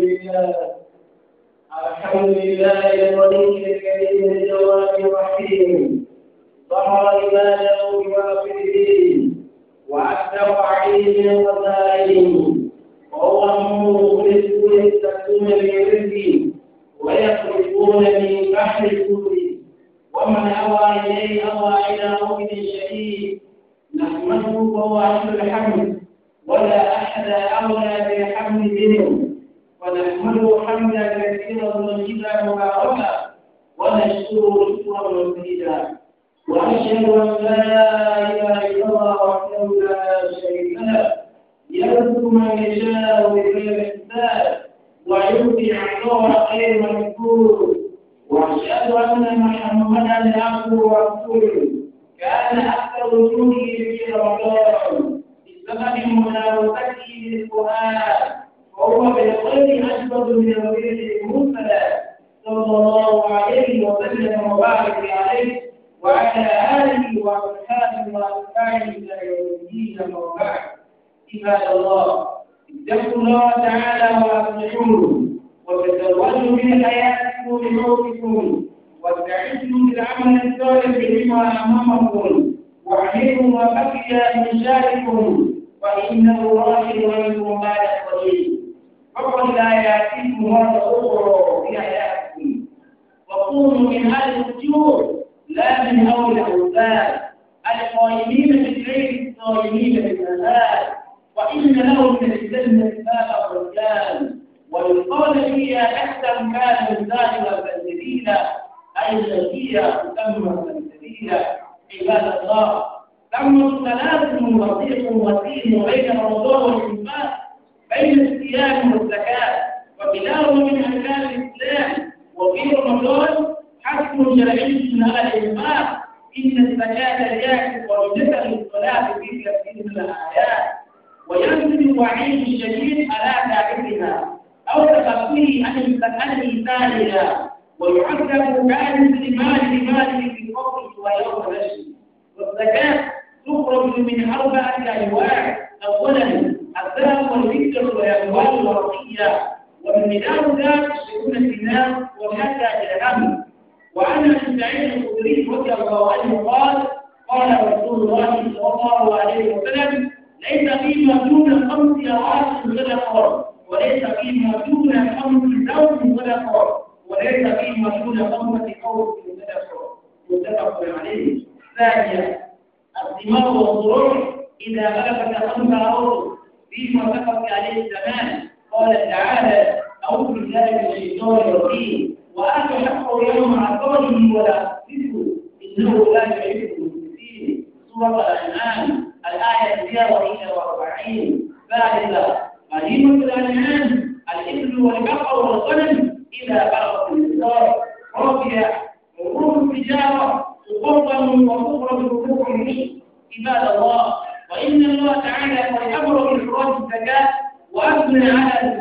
لله الحمد لله الغني الكريم الجواد الرحيم ظهر عباده بوافدين وأكثر عليه من قتائهم وهو مخلصون يستكون برزقه ويخرجون من بحر سوره ومن أوى إليه أوى إلى موت شديد نحمده فهو أهل الحمد ولا أحد أولى بالحمد منه ونحمده حمدا كثيرا مجيدا مباركا ونشكره شكرا مزيدا واشهد ان لا اله الا الله وحده لا شريك له يرزق من يشاء بغير حساب ويؤتي عنه خير مذكور واشهد ان محمدا عبده ورسوله كان اكثر وجوده في رمضان بسبب مناوبته للقران وهو بالخير أجود من الوليد المرسل صلى الله عليه وسلم وبارك عليه وعلى آله وأصحابه وأتباعه إلى يوم الدين الله اتقوا الله تعالى وأصلحوه وتزودوا من حياتكم بموتكم واستعدوا بالعمل الصالح لما أمامكم واعملوا ما بقي من شاركم فإنه راحل فقل آياتكم مرة أخرى في آياتكم وكونوا من أهل السجود لا من هول الأوثان القائمين بالليل الصائمين بالنهار وإن لهم من الجنة بابا رجال ويقال هي أحسن كان الزاد والبنزلين أي التي تسمى البنزلين عباد الله ثم الثلاث رفيق وسيم بين الرضا والإنفاق بين الصيام والزكاة وكلاهما من أركان الإسلام وفي رمضان حكم شرعي من الإنفاق إن الزكاة ليأكل ومجدة الصلاة في تفسير الآيات وينزل الوعيد الشديد على تاركها أو تخفيه عن إيثارها ويعذب عالم لمال لماله في الوقت ويوم الرشد والزكاة تخرج من أربعة أنواع أولا الذهب والفكر والأموال الورقية ومنها ذلك سكون الدماء وهذا الأمن وعن ابن سعيد الخدري رضي الله عنه قال قال رسول الله صلى الله عليه وسلم ليس فيما دون خمس أراض صدقة وليس فيما دون خمس زوج صدقة وليس فيما دون خمسة قوم صدقة متفق عليه ثانيا الدماء والضروع إذا ملكت خمس أرض فيما ذكرت عليه الزمان قال تعالى أعوذ بالله من الشيطان الرجيم وآتوا حقه يوم قوله ولا تفسده إنه لا يحب المسلمين سورة الأنعام الآية 140 ثالثة غنيمة الأنعام الإبل والبقر والغنم إذا بلغت الإنسان رابعة عروض التجارة تقدم وتخرج حقوق عباد الله فإن الله تعالى قد أمر بإخراج الزكاة وأثنى على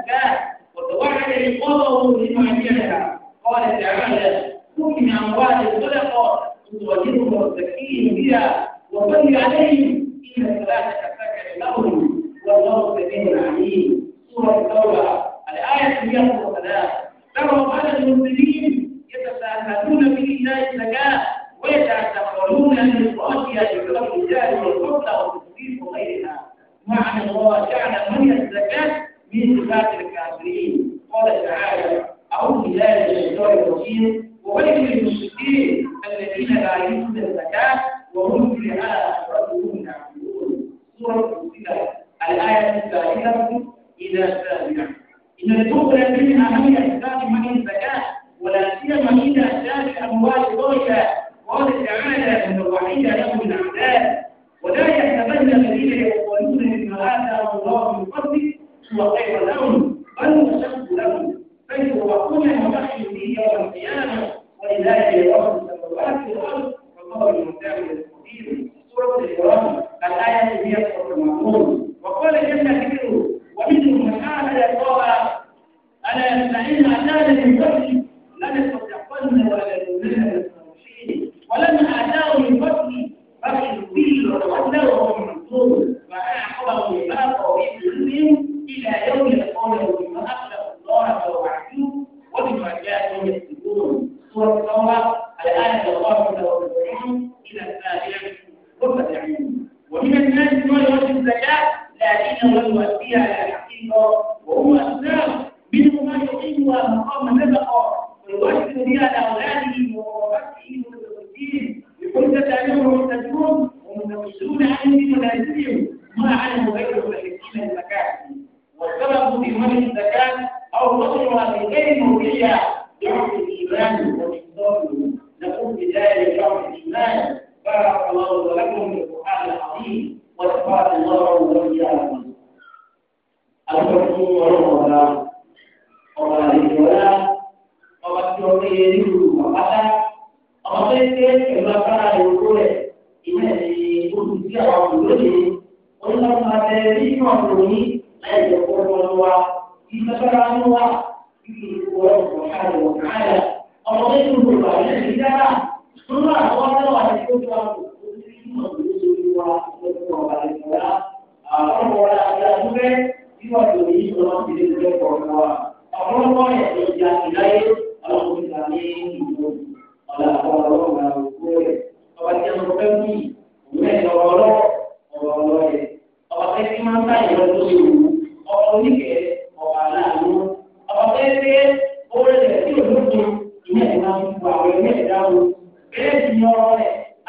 ọ̀rọ̀ rẹ̀ a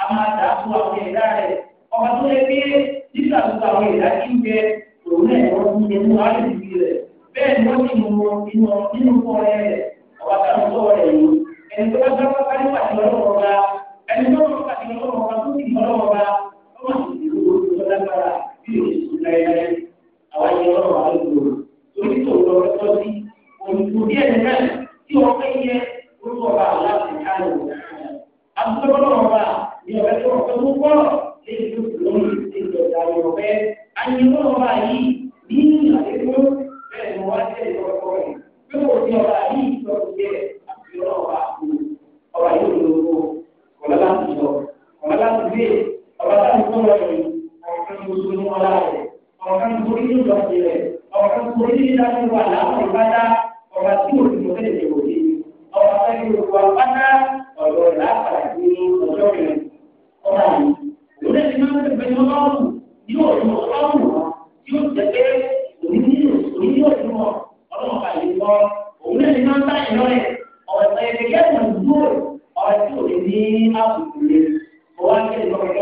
fún àwọn ẹ̀dá rẹ̀ ọba tó lè gbé nígbà tó àwọn ẹ̀dá kí n jẹ òun náà ẹ̀rọ ń jẹ nínú alẹ́ ìdílé rẹ̀ bẹ́ẹ̀ ni wọ́n ti mú inú nínú kọ́rẹ́ rẹ̀ ọba táwọn sọ̀rọ̀ rẹ̀ yìí ẹni tó bá dáwọ́ ká nípa ti ọlọ́wọ́ ọba ẹni tó bá nípa ọlọ́wọ́ ọba tó ti ọlọ́wọ́ ọba ó má ti dìbò lórí bí òṣìṣẹ́ láyé àwọn ẹni ọlọ́wọ́ àlejò asopɔlɔ ɔba ni ɔbɛ tó ɔbɛ tó kɔ ɛyẹ tó kúló ní ɛyẹ ɔba yẹ ɔbɛ yìí ní ìyàwó bẹ́ẹ̀ ni wọn tẹ ɛyẹ ɔbɛ kɔ yìí pé kò sí ɔba yìí tó kò jẹ àfihàn ɔba kú ɔba yìí ló ló kọlá láti sọ kọlá láti gbé ɔba láti sọ wọn yìí ọkàn gbogbo ní wọn láàyè ọkàn gbogbo ní ìjọsìn rẹ ọkàn gbogbo ní ìdájọ́ wà láwọn ìbádá ọba tí òṣìṣẹ́ bá ní gbogbo apáta ọ̀rọ̀ lápàá ní ọjọ́ yẹn. ọ̀rọ̀ yìí lórí ẹni máa ń tẹ̀lé pẹ̀lú ọlọ́run yóò tún ọlọ́run wọn yóò tẹ̀lé òní yóò tún wọn ọlọ́run bá lè wọ òun náà ní máa ń báyìí lọ́rẹ̀ ọ̀sẹ̀ ìdíkẹ́ ìmọ̀ ọ̀sẹ̀ òní ní àbùkù rẹ̀ ọwọ́ akẹ́kẹ́ ìmọ̀ ọ̀rọ̀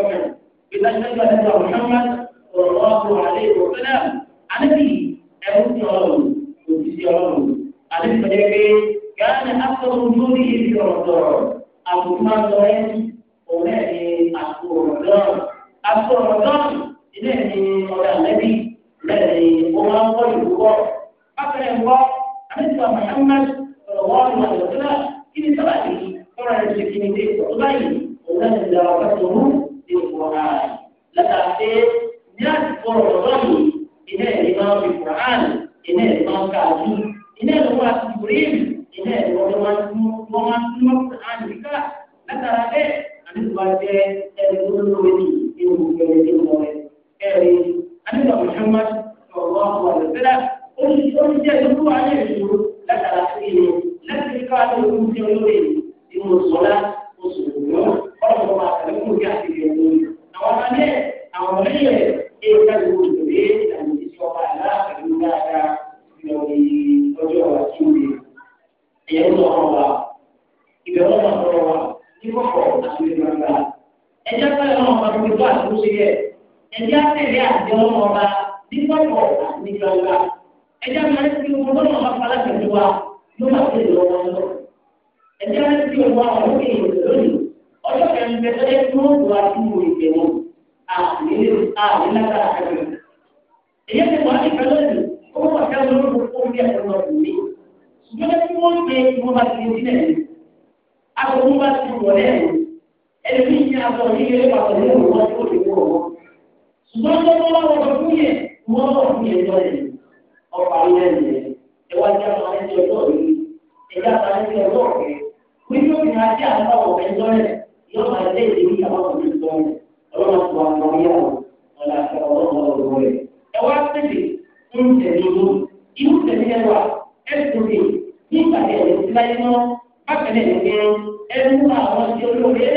mẹ́rin ìdájọ́ ìdájọ́ Muhammad ọ̀rọ̀ ọ̀rọ̀ àlẹ́ كان أكثر وجوده في رمضان أبو مالك ومالي أبو رمضان أبو رمضان إلهي مولى النبي الذي هو أول الوقوع أكثر الوقوع حديث محمد صلى الله عليه وسلم إن صلاته كما يشكي من ذلك صلاته ومن دراوته للقرآن لتعطي ناس رمضان إلهي ما في القرآن إلهي ما كعبي إلهي ما في إبراهيم ilé ẹ̀rọ ni wọ́n tún wọ́n máa tún lọ́kùnrin àyíká látara bẹ́ẹ̀ àdúgbò àjẹ ẹni tó lóore ní inú ìgbẹ́rẹ́ ní ìmọ̀ rẹ̀ ẹ̀rí àdúgbò Muhammad ọ̀rọ̀ àwọn àlùfẹ́lá ó ní ó ní jẹ́ ìlú ayé ìṣòro látara ìlú láti fi ká ló ń jẹ olóore inú sọ́lá oṣù òwúrọ̀ ọ̀rọ̀ wọn àtàlẹ́kùn bí àti ìrẹ̀lú àwọn àwọn ọ̀rẹ́yẹ ẹ̀ka ìwò ìrẹ̀lẹ́ àti ìṣọ̀bà aláàbẹ̀lú dáadáa àti ìrẹ̀lẹ́ ẹ̀yẹ ń sọ̀rọ̀ wa ìbẹ̀wò ń sọ̀rọ̀ wa ní kọ̀kọ̀ àti ìgbàgbà. ẹjẹ́ pẹ́ ọmọ ọba tó ti tó àtúnṣe yẹ ẹjẹ́ àtẹ̀lé àti ọmọ ọba ní kọ̀kọ̀ àti ìgbàgbà. ẹjẹ́ máa ń fi owó lọ́nà ọba falákẹ̀tù wa ló máa fi lọ́ wọn lọ. ẹjẹ́ máa ń fi owó àwọn olókè lónìí ọjọ́ kẹrin bẹ́ẹ̀ tẹ́lẹ̀ tó ń wà sí ìwò ìgbẹ̀wò àmì ṣùgbọ́n tí wọ́n ṣe wọ́n bá ti sílẹ̀ aṣọ wọn bá ti wọ̀ lẹ́nu ẹni tí ìyá aṣọ yìí yẹ pàtó ní òun wọn tó lè wọ̀ wọ́n ṣùgbọ́n tí wọ́n bá wọ̀ fún yẹ wọ́n wọ̀ fún yẹ lọ yẹ ọ̀pá yẹn yẹ ẹ wá jẹ́ àwọn ẹni tí ọjọ́ yìí ẹ jẹ́ ọlọ́run rẹ̀ ẹ wá tẹ̀lé ń tẹ̀lé lórí wọn bákan náà ní ẹnu àwọn tí olóore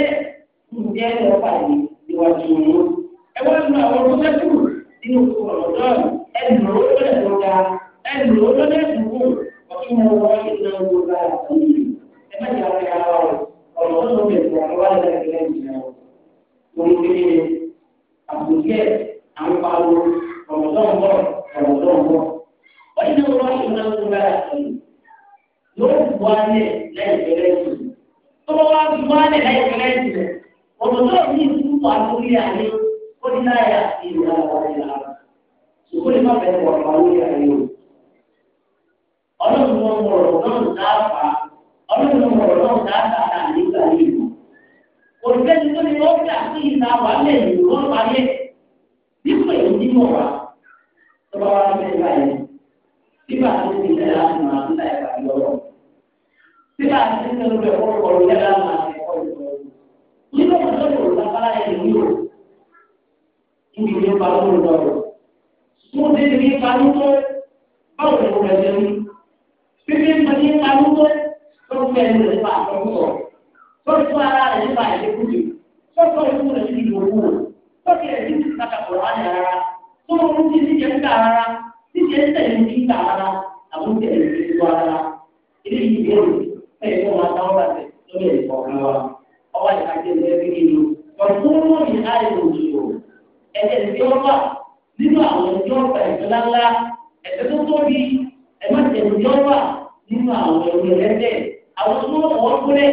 lè kọ̀ fún ọwọ́ ìka jẹ́ ẹgbẹ́ bí nínú ọ̀túnmọ̀ ní àìlò òṣèlú ẹ̀jẹ̀ tí ó nínú àwọn ẹ̀jẹ̀ ọ̀pá ìjọba ńlá ẹ̀jẹ̀ tó tóbi ẹ̀mọ́tẹ̀ tí ó wà nínú àwọn ẹ̀jẹ̀ ẹlẹ́dẹ̀ àwọn tó wọ́n kúrẹ́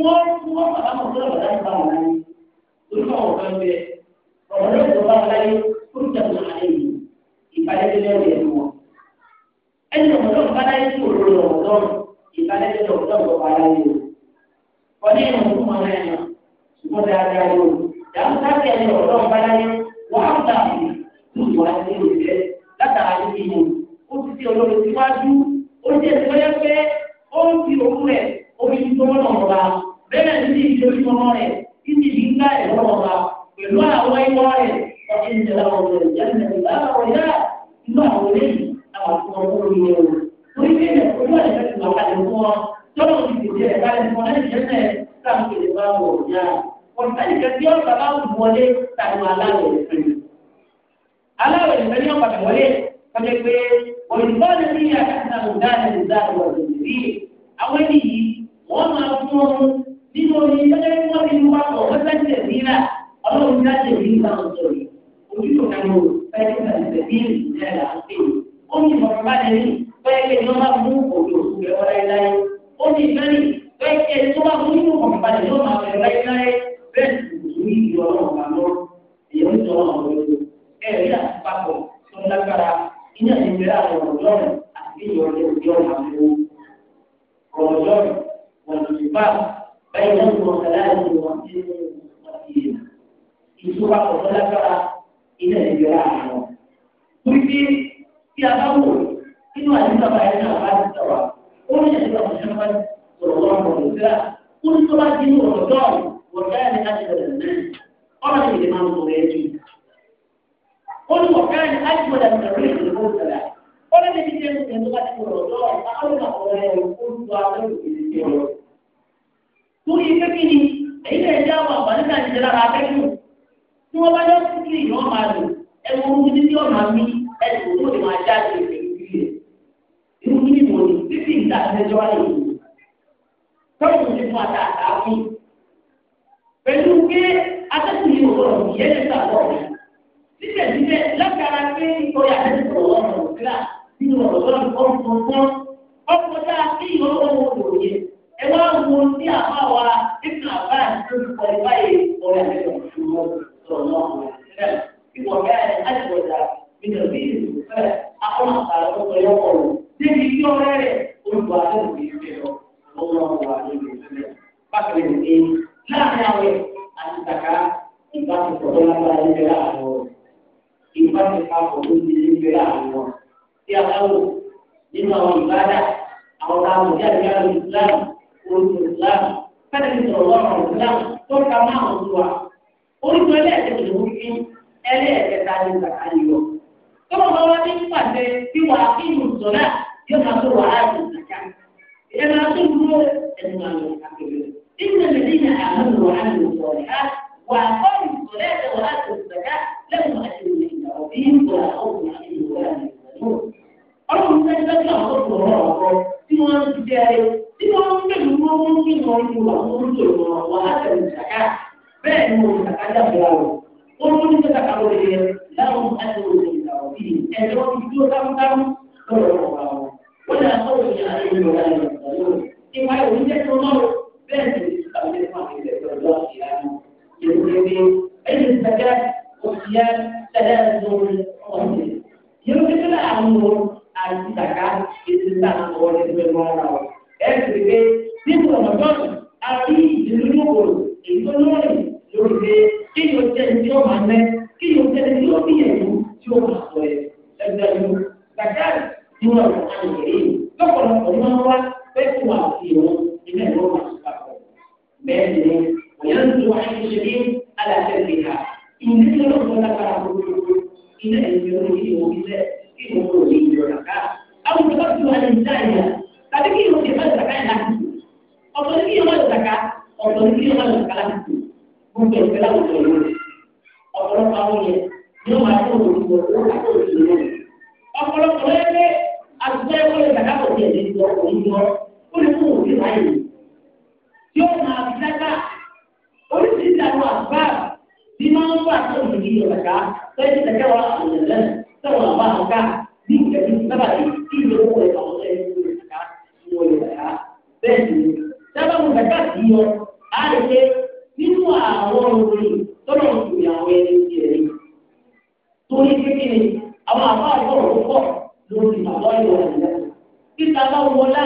wọ́n fún wọn bàbá mọ̀ tó bàbá bá wọn láyé lórí àwọn kan bẹ ọ̀rọ̀ náà tó bá wọn láyé ó ń tẹ̀wọ̀n àlẹ́ yìí ìbálẹ́dẹ́lẹ́wẹ̀ ẹ̀ wọn ẹni ọ̀rọ̀ náà bá láyé tó lọ́rọ̀ ọ̀dọ́rùn ìbálẹ́dẹ́lẹ́ ọ̀dọ́rùn ọdún wọn kú náà ṣùgbọ́n dáadáa yóò yàtọ̀ láti ẹni ọ̀dọ́ ọ̀báláyé wọ́n á gbà fún un wọ́n ní ìrẹsẹ̀ látara níbi yìí ó ti di olórí síwájú ó ti ẹ̀sìn lọ́yẹ́ pé ó ń fi òkú rẹ̀ omi ti tọ́wọ́ náà ọba bẹ́ẹ̀ ni ti ìdí orí tọ́mọ rẹ̀ ti ti di ńlá ẹ̀ lọ́wọ́ ọba pẹ̀lú àwọn ìwọ́ rẹ̀ ọdún yìí lọ́wọ́ rẹ̀ yẹn ní tọ́lá òun ti tẹ̀lé ẹ̀ka ẹni wọn lẹ́yìn jẹ́ mẹ́ẹ̀ táwọn kèrè bá wọ̀ ọ̀yá ọ̀tá ìkẹ́kẹ́ ọ̀tá bá wù wọlé táwọn aláwọ̀ ẹ̀fẹ́ ni aláwọ̀ ẹ̀fẹ́ ni ọ̀pá wọlé kọjá pé òyìnbọ́n ní àkàtà ọ̀dáàlẹ̀ ìdáàbò ọ̀dọ̀dì àwọn ẹni yìí wọ́n máa fún ọmú nínú omi gẹ́gẹ́ bí wọ́n ti ń wá pọ̀ wọ́n sẹ́ńtì ẹ̀dínlá ọlọ́run jáde ní ìgbà ọ̀dọ̀ yìí ojútùú kan ní o fẹ́ẹ́ tó tẹ̀lé bí ìrìn náà là ń pè é omi ìmọ̀ràn bá lẹ́yìn fẹ́ẹ́ lè ní wọ́n máa mú òdòdó rẹ̀ wọ́n láéláé ó ní ìfẹ́ni bẹ́ẹ̀ kí ẹni tó bá fún nínú ọ̀pọ̀lọpọ̀ yóò máa fẹ́ láyé láyé bẹ́ẹ̀ sì kò ní ìlú ọlọ́run kan lọ èèyàn ń tọrọ àwọn olóko ẹ̀rí àtúpapọ̀ tó lágbára iná ìgbéra ọ̀rọ̀dọ́rùn àti ìyọ̀lẹ̀ òjò àwọn ọ̀rọ̀dọ́rùn wọ̀nyípa bẹ́ẹ̀ náà wọ̀ sàlàyé wọn ti ìtura pọ̀ tó lágbára iná ìgbéra àwọn. wípé tí a bá wò nínú àdúgbò àbáyé náà bá ti sọ̀rọ̀ oríṣi ìjọba Muhammad sọ̀rọ̀ wọn kò lè fẹ́ ó ní tó bá di ní ọ̀dọ́ wọ̀ káyọ̀ ní àjẹbẹ̀rẹ̀ náà ọ̀rọ̀ ìdè máa ń sọ̀rọ̀ ẹ̀jú. ó ní wọ̀ káyọ̀ ní àjẹbẹ̀rẹ̀ náà rí ìdìbò ìṣẹ̀lẹ̀ ó ní níbi tí ẹni tó bá ti ọ̀dọ́ àwọn ọ̀rẹ́ olùkọ́ àwọn olùkọ́ torí pé kí ni èyí lè jẹ́ àwọn àǹfààní náà ti dára akẹ́kọ̀ọ́ tí wọ́n bá yọ sí ilé ìyọ́ máa lò ẹ̀wọ̀n orí tí ọ̀nà mi ẹ̀sùn tó lè máa jáde títí ìdánilẹ́jọ́ ayé tọ́jú ní fún ata àtàkùn pẹ̀lú pé atẹ́kùn yìí wọ̀ ọ́ yẹn lè sàbọ̀ síbẹ̀ síbẹ̀ lágbára pé ìkọyà tẹ́lẹ̀ tó wọ́n mọ̀ síra nínú ọ̀rọ̀ tó lọ́nà ọ̀rọ̀ tó wọ́n ọkọ̀ dáa sí ìyọ́wọ́ wọn kò yẹ ẹ wá wo ní àbá wa nínú àbá ìdókòwò ìbáyé ọ̀rẹ́ àtẹ̀kọ̀ ìṣòro sọ̀rọ̀ náà ìwọ̀n bẹ́ẹ̀ débi tí ọ̀rẹ́ rẹ̀ olùkọ́ àtẹ̀wò yìí fẹ́ lọ ọmọ ọmọ wa ní ìlú sílẹ̀ bákan ní pé láàrin àwẹ̀ àti kàkà ìbáṣepọ̀ tó lágbára ní bẹ̀rẹ̀ àwọn ọ̀rọ̀ ìbáṣepọ̀ tó ti ní bẹ̀rẹ̀ àwọn ọ̀rọ̀ tí a bá wò nínú àwọn ìbáadà àwọn táwọn ìyá ìyá ìlú Islam orúkọ Islam fẹ́ẹ́ ti sọ̀rọ̀ lọ́rùn Islam tó ka máa ń wà orúkọ ẹlẹ́ẹ̀kẹ́ta ló ń fi ẹlẹ́ẹ̀kẹta ní kàkà yìí lọ. tọ́lọ́ bá wá ní pàṣẹ tí wàá kí ìlú sọ̀rọ̀ يظهر وعاد المكان لأن أصله إن الذين آمنوا وعملوا الصالحات وأقاموا الصلاة وآتوا الزكاة لهم أجر عند ربهم ولا خوف عليهم ولا هم يحزنون. أرجو أن تتذكروا الله tí wọ́n ń jẹrẹ tí wọ́n ń pẹ̀lú owó nínú ìlú àwọn olùdó ìwọ̀n wọn látẹ̀lú ìṣàkà bẹ́ẹ̀ ni wọn ìṣàkà dàbí àwọ̀ wọn mú ní sọ́kà kan lóye láwọn àti olùdó ìlú àwọn bíi ẹ̀jọ́ ti dúró dámúdámú lọ́rọ̀ ọ̀gá wọn. ولا قول عليهم ولا ينصرون إما يهدك الله بل تستعمل معرفة الله يعني يقول علم الزكاة وصيام تلازم وصيام يمكن أن أمر أن الزكاة يتسامح ويتمرر ẹ̀sìn pé nínú ọ̀nàdọ́nù a rí ìlú òòrùn èyí tó lórí lórí pé kí yóò jẹ́ ẹni tí ó máa mẹ́ kí yóò jẹ́ ẹni tí ó bíyànjú tí ó máa sọ ẹ̀ ẹgbẹ́ ìlú gbàgbé nínú àwọn àyè rí lọ́pọ̀lọpọ̀ máa wá pẹ́kù àti ìwọ̀n ilé ẹ̀rọ máa ṣe papọ̀. Bẹ́ẹ̀ ni òyìn ń tún aṣọ ṣe ní alàtẹ̀lẹ̀ ká. Ìdílé lọ́pọ̀ lágbára gbogbo ilé ẹ̀rọ orí ìwọ̀n ilé kí wọ́n kò ní ìjọba ká. Àwọn ìjọba tí wọ́n lè dá ìyá tàbí kí wọ́n ti máa zàká ẹ̀ láti tù. Ọ̀tọ̀ ní kí wọ́n máa zàká, ọ̀tọ̀ ní kí wọ́n máa zàká láti tù. Gbogbo ìfẹ́ láwùjọ lónìí. Ọ̀pọ̀lọpọ̀ àwọn yẹn ni wọ́n máa tó òun ìwọ̀n owó àti òun ìwọ̀n. Ọ̀pọ̀lọpọ̀ lẹ́yìn àtúntẹ́ kó lè dàgbà kò tiẹ̀ lè jọ òun jọ ó lè fún òun nípa yìí. yóò máa fi dáká oríṣiríṣi àwọn àgbà bí máa ń wà tó ń yí ọ̀dàká lẹ́yìn tẹ̀kẹ́ wa àwòrán sẹ́wọ̀n àbá àká ní ìjẹ́bí bàbá yìí kí ìlú owó rẹ̀ àwọn ẹni tó lè dàgbà wọ lè dàgbà bẹ́ẹ̀ ni sábà mo dàgbà sí yọ á lè ṣe nínú àwọn òròyìn tọ́lọ̀ ń gbìyànjú ẹni tiẹ̀ rí torí kékeré àwọn àbá àgbọ̀rọ̀ pọ̀ lórí bàbá ìwà ìlẹ̀. Títa bá wọlá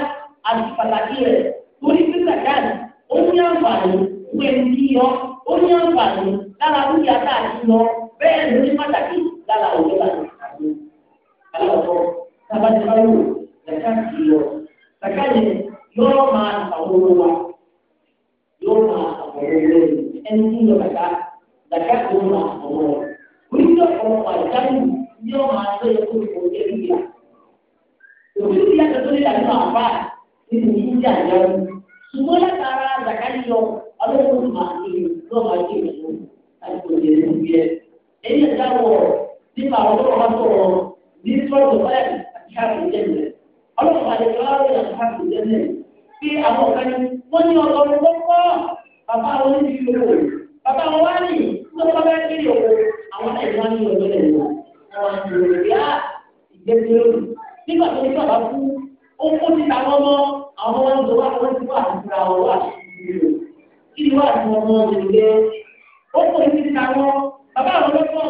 àti pàtàkì rẹ̀ torí pípẹ̀ dáàbì ó ní àǹfààní fún ẹni tí yọ ó ní àǹfààní lára dúkìá tá a ti lọ bẹ́ẹ̀ ló ní pàtàkì lára òwe láti ṣàkóso. Aláwọ̀ tábà ti bá wò lẹ́ka ti yọ. Lẹ́ka yẹn yọ́ọ́ máa àwọn owó wa yóò máa àwọn owó rẹ̀ ẹni tí yọ kàkà lẹ́ka yóò máa àwọn owó rẹ̀. Oníṣẹ́ ọ̀pọ̀lọpọ̀ àìsàn yìí yóò máa sọ ẹ̀kọ́ ìfowópamọ́ òfin ti yàtọ̀ tó lè dàbí àwọn àbá nínú yìí jà jọ ṣùgbọ́n látara àgbàká yọ ọlọ́run máa ń lò lọ́wọ́ àti ìlú àti òde ìlú yẹ. ẹ̀yìn ẹ̀dá wọ̀ nípa àwọn ọlọ́run máa sọ̀rọ̀ ní sọ́ọ̀tù báyìí àti káàkiri jẹ́nu ọlọ́run máa lè fi ọlọ́run àti káàkiri jẹ́nu pé àwọn kan ní wọ́n ní ọlọ́run kọ́kọ́ bàbá wọn ní ìlú òwò bàbá wọn wá ní wọ́n tó bá bá kiri òwò àwọn ẹ̀dá wọn ní ọ̀dọ́ nígbà tó ní bàbá kú ó kó síta lọ́mọ àwọn ọmọ wa wọ́n ti wà nípa ọ̀rọ̀ wà kí ni wà ní ọmọ ọmọ ìgbé ó kó síta lọ bàbá àwọn ọmọ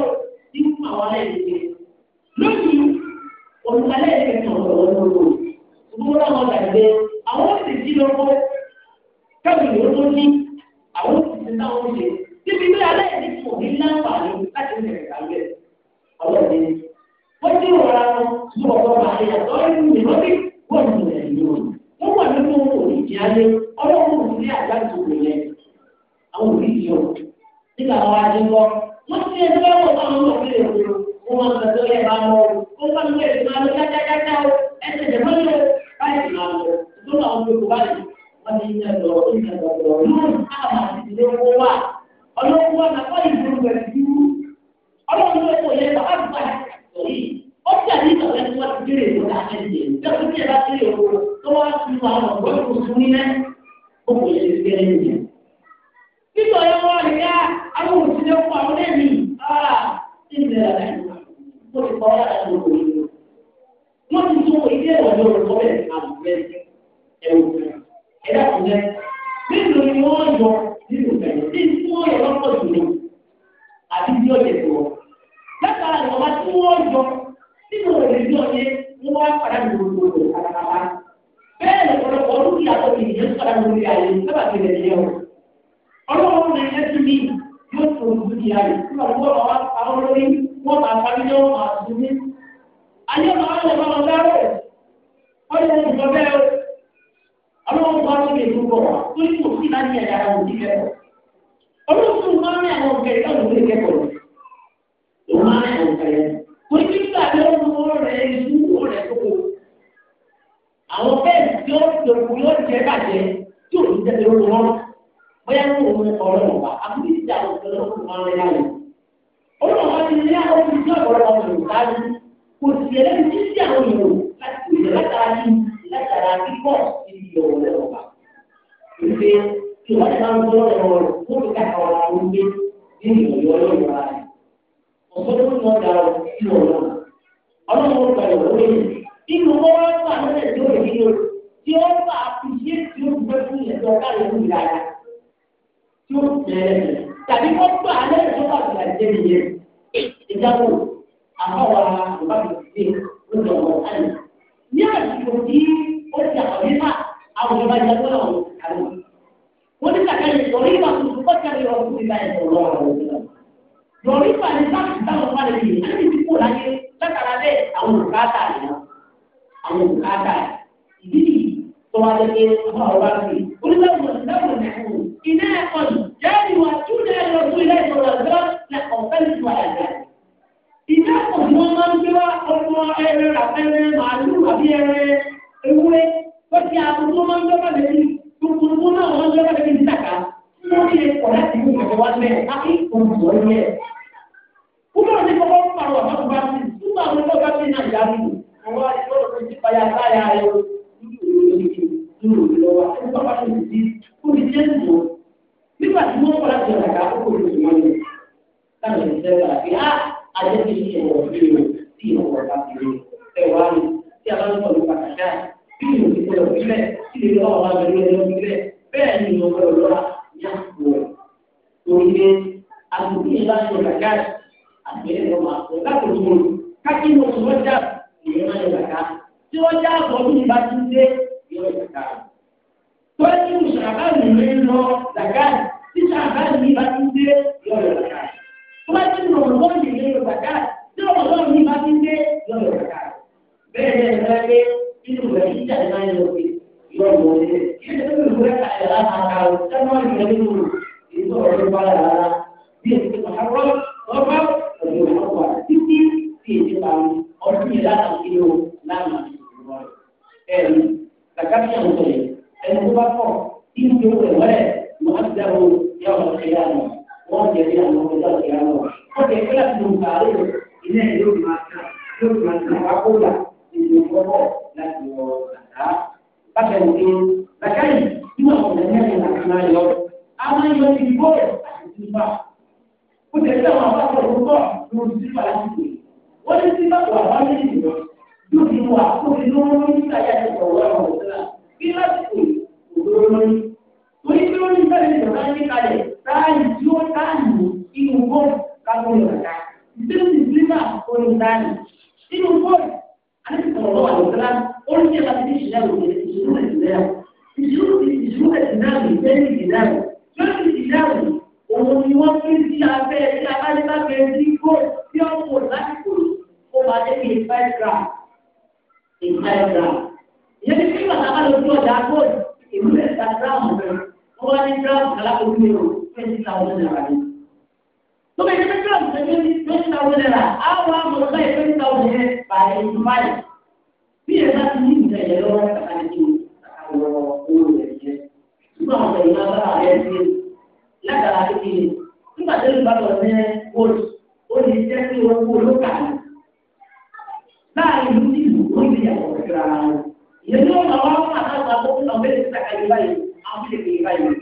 ní ẹ̀dá àwọn òbí kẹ́kọ̀ọ́. Ọlọ́run fún máa ń rìn àwọn òkèrè náà lórí kẹ́kọ̀ọ́ rẹ̀. Ó máa ń rìn àwọn òkèrè rẹ̀. Mo ní nígbà tí ó mú ọ̀rẹ́ ìlú rẹ̀ kókó. Àwọn bẹ́ẹ̀ tí ó dòkú yóò jẹ́ bàjẹ́ tí ò ní tẹ́lẹ̀ ó lọ́. Bóyá ó mú ọ̀rọ̀ ọ̀gbà, àbúrò ti ní àwọn òbí tí wọ́n ti máa ń gbọ́ ẹ̀rọ rẹ̀ wọ́n ti ká àwọn àwọn ilé nínú ìyọ̀ lórí ara rẹ̀. ọ̀sán tó ń lọ da sí ọ̀rọ̀ ọlọ́run ó gbà ìwọ̀ lórí nínú wọn wá wà lọ́sẹ̀ tí ó lè tí ó bá àfiṣe tí ó gbẹ fún ìyẹ̀tọ́ káàlẹ̀ ní ìlara tí ó bẹ̀rẹ̀ tàbí wọ́n gbà alẹ́ tó bá gbà jẹ́ nìyẹn ìjábọ̀ àbáwá ìbáfẹ́ ló lọ wọ̀ ní àsìkò tí ó ti àwọn ìbá àwọn ìbá ìjábọ̀ náà àwọn onígbà kan lè yọrí ìwà tuntun kọ́ kẹ́rin ọ̀hún nígbà yẹn tó lọ́wọ́ yọrí ìwà ní sáàtì táwọn ọba lè yìí láti fi kó láyé látara bẹ́ẹ̀ àwọn òkúta àyà àwọn òkúta àyà ìdí nìyí tó wá lé ní ọba ọba sí i onígbà wọn ní dáwọn ẹ̀kọ́ iná ẹ̀kọ́ yìí jẹ́rìí wa tún ní ẹ̀rọ tó ilé ìṣòro ọ̀dọ́ ní ọ̀fẹ́ ní tiwa ẹ̀dá ìdá kò ní wọn máa ń gbé wá ọmọ ẹrẹ rà fẹ́rẹ́ màálù àbí ẹrẹ ewúrẹ́ wọ́n ti àbúrò máa ń gbé wá lẹ́yìn tuntun náà wọ́n lé wọ́n lé nígbàgbà wọ́n lé kọ̀ láti mú ìgbàgbọ́ wá lẹ̀ àbí olùkọ́ yẹ. Kúmọ̀ ní kọ́kọ́ ń parọ́ àbábọ̀ bá ti, kúmọ̀ àwọn ọlọ́gbà ti náà yá mi, àwọn àìsàn thousand naira ni. tó bẹ́ẹ̀ ní bí kílọ̀ ṣe ní twenty thousand naira á wá mọ̀ báyìí twenty thousand yẹn báyìí tó báyìí. bí ẹ bá ti ní ìjà yẹn lọ́wọ́ kàkà ní kí àwọn owó rẹ̀ jẹ́. nígbà wọn bẹ̀rẹ̀ náà bá rẹ̀ ṣe látara kékeré nígbà tó lè bá lọ sí gold ó lè jẹ́ pé wọ́n kó lókà ní. láàrin ìlú sí ìlú ó lè yàtọ̀ sí ara wọn. ìyẹn ní wọn máa wá fún àtàkùn àkókò náà bẹ́ẹ̀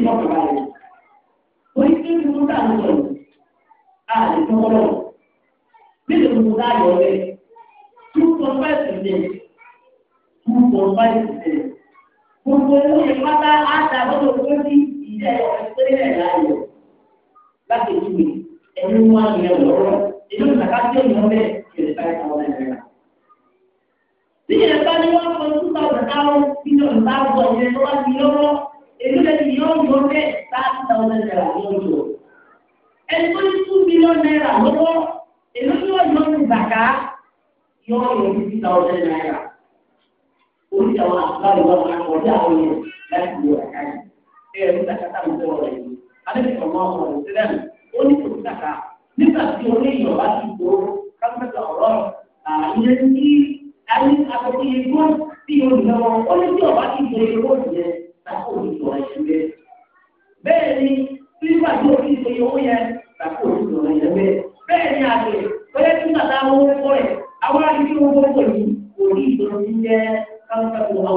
ní ọ̀pọ̀lọpọ̀ rẹ̀. Orí tí ó mú dáa lọ, a lè tó wọ́n lọ. Bílẹ̀ mú dáa yọ rẹ̀, two point five percent, two point five percent. Gbogbo owó ìpátá àtà lọ́dọ̀ tó ní ìyá ẹ̀sẹ̀ rẹ̀ láàyò. Láti ìdúgbò, ẹni wọn á yẹ lọ́rọ́, èyí ò sàkà tí ó yọ bẹ́ẹ̀ ìrẹ̀ báyìí àwọn ẹ̀rẹ̀ rà. Bí ìrẹ̀ bá ní wọ́n fọ́ two thousand thousand, bí ìrẹ̀ bá wọ̀ sí lọ́wọ́ èmi lè ní yóò yọ bẹ́ẹ̀ thirty thousand naira ní ọjọ́ ẹni tó ní two million naira lọ́wọ́ èmi yóò yọ ní bàtà yóò yọ fifty thousand naira orí àwọn àbúrò àwọn àwọn ọ̀dọ́ àwọn yẹn láti wọ ẹ̀ka yìí ẹ̀rọ ní bàtà táwọn sọ̀rọ̀ rẹ̀ yìí alẹ́ ọmọ ọmọ rẹ̀ sílẹ̀ ó ní kò sí bàtà nígbà tí orí ìyọ̀wá ti gbó kápẹ́tà ọ̀rọ̀ àìyẹ ní ayé àkọsíyẹ gbó tí olùdókòwò ó ní tí ọ̀wá ti gbó ewé tàkó òtútù ọ̀rọ̀ yẹn bẹ́ẹ̀. bẹ́ẹ̀ ni sílífà tó fi ṣe owó yẹn tàkó òtútù ọ̀rọ̀ yẹn bẹ́ẹ̀. bẹ́ẹ̀ ni àgbẹ̀ bóyá tí bàtà owó kọ́ rẹ̀ àwọn akéwì owó kò ní kò ní ìdọ̀rọ̀ ní jẹ́ káńtà tó máa ìtumọ̀